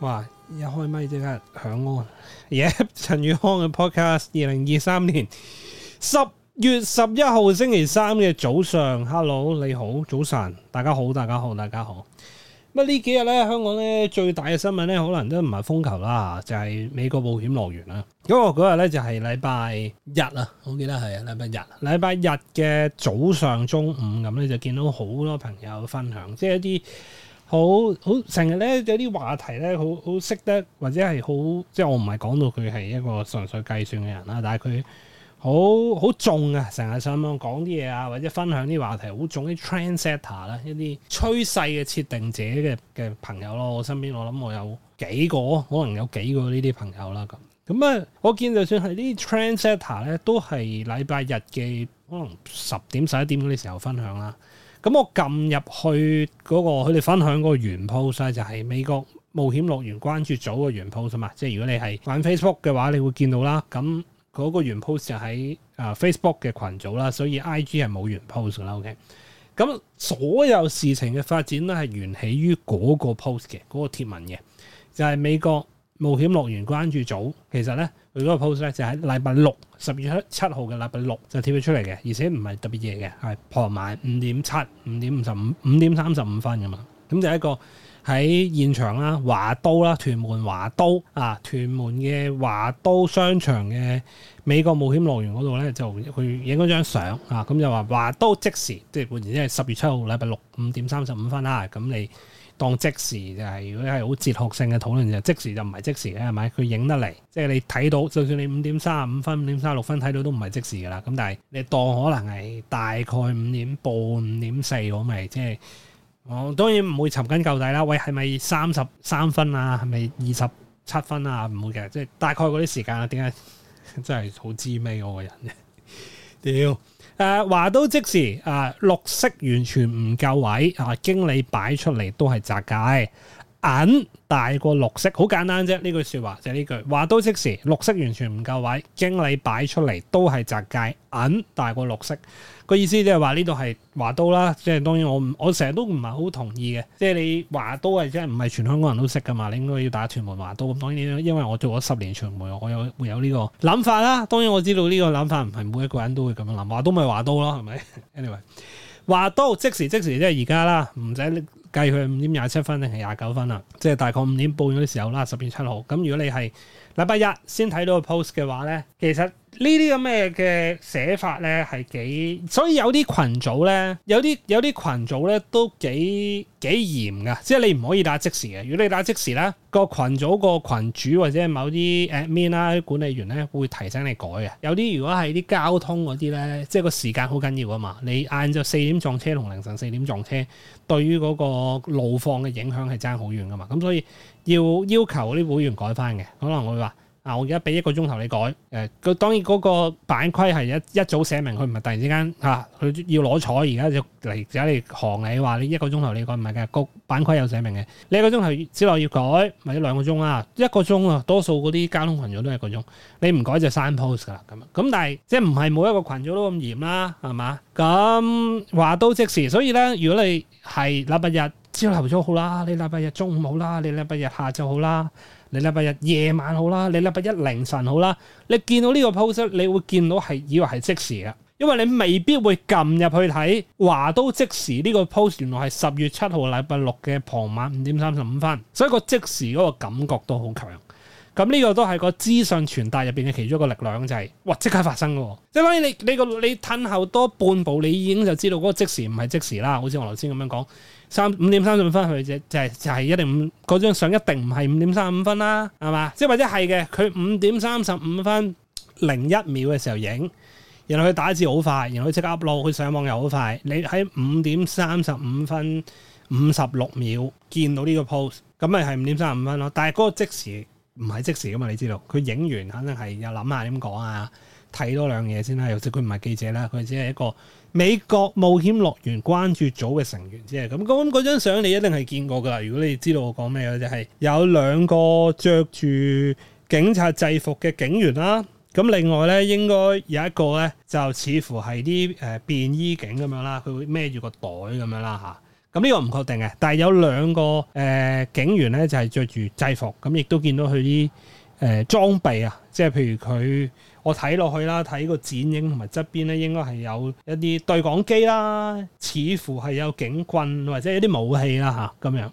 哇！一開麥即刻響咯～耶！陳宇康嘅 podcast，二零二三年十月十一號星期三嘅早上，Hello，你好，早晨，大家好，大家好，大家好。咁呢幾日呢，香港呢最大嘅新聞呢，可能都唔係風球啦，就係、是、美國冒險樂園啦。嗰、那個嗰日呢，就係、是、禮拜日啦，我記得係啊，禮拜日，禮拜日嘅早上中午咁咧，就見到好多朋友分享，即係一啲。好好成日咧有啲話題咧，好好識得或者係好即係我唔係講到佢係一個純粹計算嘅人啦，但係佢好好重啊！成日想講啲嘢啊，或者分享啲話題，好重啲 trendsetter 啦，一啲趨勢嘅設定者嘅嘅朋友咯。我身邊我諗我有幾個，可能有幾個呢啲朋友啦。咁咁啊，我見就算係呢啲 trendsetter 咧，都係禮拜日嘅可能十點十一點嗰啲時候分享啦。咁我撳入去嗰個佢哋分享嗰個原 post 就係美國冒險樂園關注組嘅原 post 嘛。即係如果你係玩 Facebook 嘅話，你會見到啦。咁嗰個原 post 就喺啊 Facebook 嘅群組啦，所以 IG 係冇原 post 噶啦。OK，咁所有事情嘅發展咧係源起於嗰個 post 嘅嗰個貼文嘅，就係美國冒險樂園關注組其實咧。佢嗰個 post 咧就喺、是、禮拜六十月七七號嘅禮拜六就貼咗出嚟嘅，而且唔係特別夜嘅，係傍晚五點七、五點五十五、五點三十五分咁嘛。咁就係一個喺現場啦，華都啦，屯門華都啊，屯門嘅華都商場嘅美國冒險樂園嗰度咧，就去影咗張相啊。咁、嗯、就話華都即時，即換言之係十月七號禮拜六五點三十五分啊。咁、嗯、你。當即時就係，如果係好哲學性嘅討論就即時就唔係即時嘅係咪？佢影得嚟，即係你睇到，就算你五點三十五分、五點三十六分睇到都唔係即時噶啦。咁但係你當可能係大概五點半、五點四我咪即係，我當然唔會尋根究底啦。喂，係咪三十三分啊？係咪二十七分啊？唔會嘅，即係大概嗰啲時間啊。點解 真係好知尾我個人屌！誒、啊、話都即時啊，綠色完全唔夠位啊，經理擺出嚟都係擲解。銀大過綠色，好簡單啫。呢句說話就係呢句。華都即時綠色完全唔夠位，經理擺出嚟都係窄街。銀大過綠色個意思即係話呢度係華都啦。即係當然我我成日都唔係好同意嘅。即係你華都係即係唔係全香港人都識噶嘛？你應該要打屯門華都。咁當然因為因為我做咗十年傳媒，我有會有呢個諗法啦。當然我知道呢個諗法唔係每一個人都會咁樣諗。華都咪華都咯，係咪？Anyway，華都即時即時即係而家啦，唔使。計佢五點廿七分定係廿九分啦，即係大概五點半嗰啲時候啦，十月七號。咁如果你係禮拜一先睇到個 post 嘅話咧，其實～呢啲咁嘅嘅寫法咧係幾，所以有啲群組咧，有啲有啲群組咧都幾幾嚴㗎，即係你唔可以打即時嘅。如果你打即時咧，個群組、個群主或者某啲誒 admin 啦、啊、啲管理員咧會提醒你改嘅。有啲如果係啲交通嗰啲咧，即係個時間好緊要啊嘛。你晏晝四點撞車同凌晨四點撞車，對於嗰個路況嘅影響係爭好遠㗎嘛。咁所以要要求啲會員改返嘅，可能會話。啊！我而家俾一個鐘頭你改，誒、呃，佢當然嗰個版規係一一早寫明，佢唔係突然之間嚇，佢、啊、要攞彩而家就嚟而家你行你話你一個鐘頭你改唔係嘅，個版規有寫明嘅。你一個鐘頭之內要改，或者兩個鐘啦，一個鐘啊，多數嗰啲交通群組都係一個鐘，你唔改就刪 post 㗎啦。咁咁，但係即係唔係每一個群組都咁嚴啦，係嘛？咁話都即時，所以咧，如果你係禮拜日。朝頭早好啦，你禮拜日中午好啦，你禮拜日下晝好啦，你禮拜日夜晚好啦，你禮拜一凌晨好啦。你見到呢個 post，你會見到係以為係即時嘅，因為你未必會撳入去睇。華都即時呢個 post 原來係十月七號禮拜六嘅傍晚五點三十五分，所以個即時嗰個感覺都好強。咁呢個都係個資訊傳達入邊嘅其中一個力量就係、是，哇！即刻發生嘅，即係當你你個你褪後多半步，你已經就知道嗰個即時唔係即時啦。好似我頭先咁樣講。三五點三十五分佢啫，就係、是、就係、是、一定唔嗰張相一定唔係五點三十五分啦，係嘛？即係或者係嘅，佢五點三十五分零一秒嘅時候影，然後佢打字好快，然後佢即刻 upload，佢上網又好快。你喺五點三十五分五十六秒見到呢個 post，咁咪係五點三十五分咯。但係嗰個即時唔係即時㗎嘛，你知道佢影完肯定係又諗下點講啊，睇多兩嘢先啦。又即佢唔係記者啦，佢只係一個。美國冒險樂園關注組嘅成員即係，咁咁嗰張相你一定係見過㗎啦。如果你知道我講咩嘅，就係、是、有兩個着住警察制服嘅警員啦。咁另外咧，應該有一個咧就似乎係啲誒便衣警咁樣啦，佢會孭住個袋咁樣啦吓，咁呢個唔確定嘅，但係有兩個誒、呃、警員咧就係着住制服，咁亦都見到佢啲。誒裝、呃、備啊，即係譬如佢我睇落去啦，睇個剪影同埋側邊咧，應該係有一啲對講機啦，似乎係有警棍或者一啲武器啦吓，咁、啊、樣。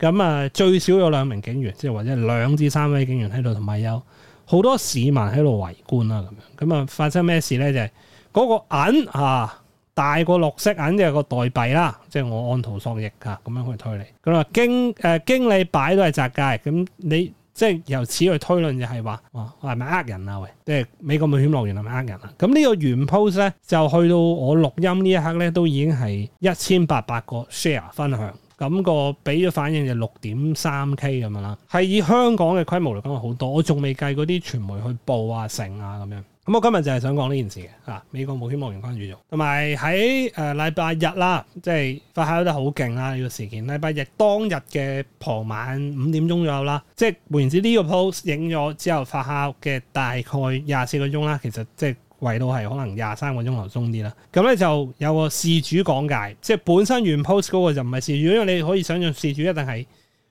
咁啊最少有兩名警員，即係或者兩至三位警員喺度，同埋有好多市民喺度圍觀啦咁樣。咁啊發生咩事咧？就係、是、嗰個銀嚇、啊、大過綠色銀嘅個代幣啦，即係我按圖索驥嚇咁樣去推理。咁啊經誒、呃、經理擺都係窄街，咁你。即係由此去推論就係話，哇，係咪呃人啊？喂，即係美國冒險樂園係咪呃人啊？咁呢個原 post 咧，就去到我錄音呢一刻咧，都已經係一千八百個 share 分享，咁、個俾咗反應就六點三 k 咁樣啦。係以香港嘅規模嚟講，好多。我仲未計嗰啲傳媒去報啊、成啊咁樣。咁我今日就係想講呢件事嘅，啊，美國冇希望相關作用，同埋喺誒禮拜日啦，即係發酵得好勁啦呢個事件。禮拜日當日嘅傍晚五點鐘左右啦，即係換言之呢個 post 影咗之後發酵嘅大概廿四個鐘啦，其實即係圍到係可能廿三個鐘頭鐘啲啦。咁咧就有個事主講解，即係本身原 post 嗰個就唔係事主，因為你可以想象事主一定係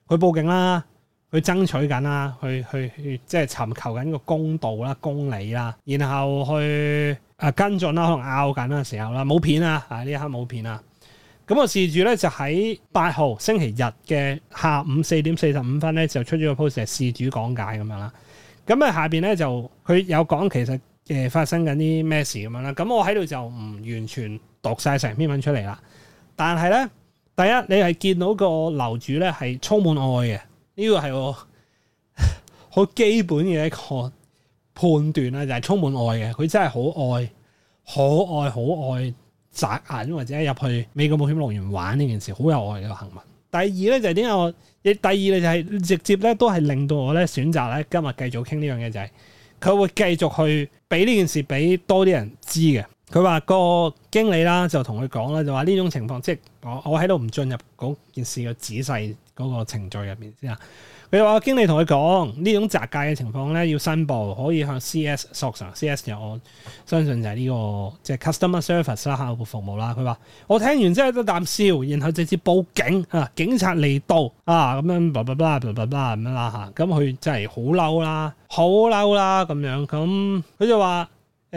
佢報警啦。去爭取緊啦，去去去，即係尋求緊個公道啦、公理啦，然後去誒、啊、跟進啦，可能拗緊嘅時候啦，冇片啊，啊呢一刻冇片啊。咁個事主咧就喺八號星期日嘅下午四點四十五分咧就出咗個 post 嚟事主講解咁樣啦。咁啊下邊咧就佢有講其實誒、呃、發生緊啲咩事咁樣啦。咁我喺度就唔完全讀晒成篇文出嚟啦，但係咧第一你係見到個樓主咧係充滿愛嘅。呢個係我好基本嘅一個判斷啦，就係、是、充滿愛嘅，佢真係好愛，可愛，好愛眨眼或者入去美國冒險樂園玩呢件事，好有愛嘅行為。第二咧就係點解我，亦第二咧就係直接咧都係令到我咧選擇咧今日繼續傾呢樣嘢就係，佢會繼續去俾呢件事俾多啲人知嘅。佢話、那個經理啦就同佢講啦，就話呢種情況即係、就是、我我喺度唔進入嗰件事嘅仔細。嗰、那個程序入邊先啊！佢話：我經理同佢講，種呢種砸界嘅情況咧，要申報，可以向 C S 索償。C S 就我相信就係呢、這個即係、就是、customer service 啦，客戶服務啦。佢話：我聽完之後都啖笑，然後直接報警啊！警察嚟到啊，咁樣，blah blah blah 咁樣啦嚇。咁佢真係好嬲啦，好嬲啦咁樣。咁佢、呃呃呃、就話：誒、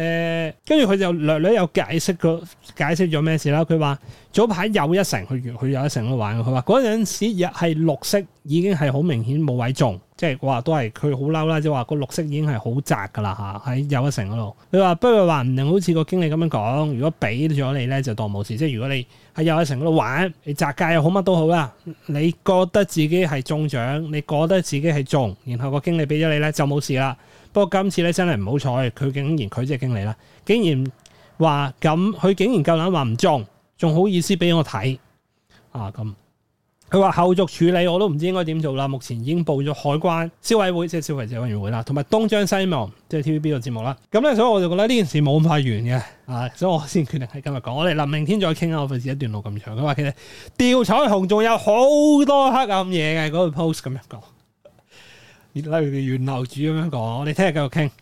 呃，跟住佢就略略有解釋解釋咗咩事啦。佢話。早排又一城去，佢又一城喺度玩。佢話嗰陣時係綠色，已經係好明顯冇位中，即係話都係佢好嬲啦。即係話個綠色已經係好窄噶啦，吓，喺又一城嗰度。佢話不過話唔定好似個經理咁樣講，如果俾咗你咧就當冇事。即係如果你喺又一城嗰度玩，你砸價又好，乜都好啦。你覺得自己係中獎，你覺得自己係中，然後個經理俾咗你咧就冇事啦。不過今次咧真係唔好彩，佢竟然佢即係經理啦，竟然話咁，佢竟然夠膽話唔中。仲好意思俾我睇啊！咁佢話後續處理我都唔知應該點做啦。目前已經報咗海關、消委會、即係、就是、消費者委員會啦，同埋東張西望即係、就是、TVB 個節目啦。咁、啊、咧，所以我就覺得呢件事冇咁快完嘅啊！所以我先決定喺今日講。我哋嗱，明天再傾啦。我費事一段路咁長。佢話其實調彩虹仲有好多黑暗嘢嘅，嗰個 post 咁樣講，例如原樓主咁樣講，我哋聽日繼續傾。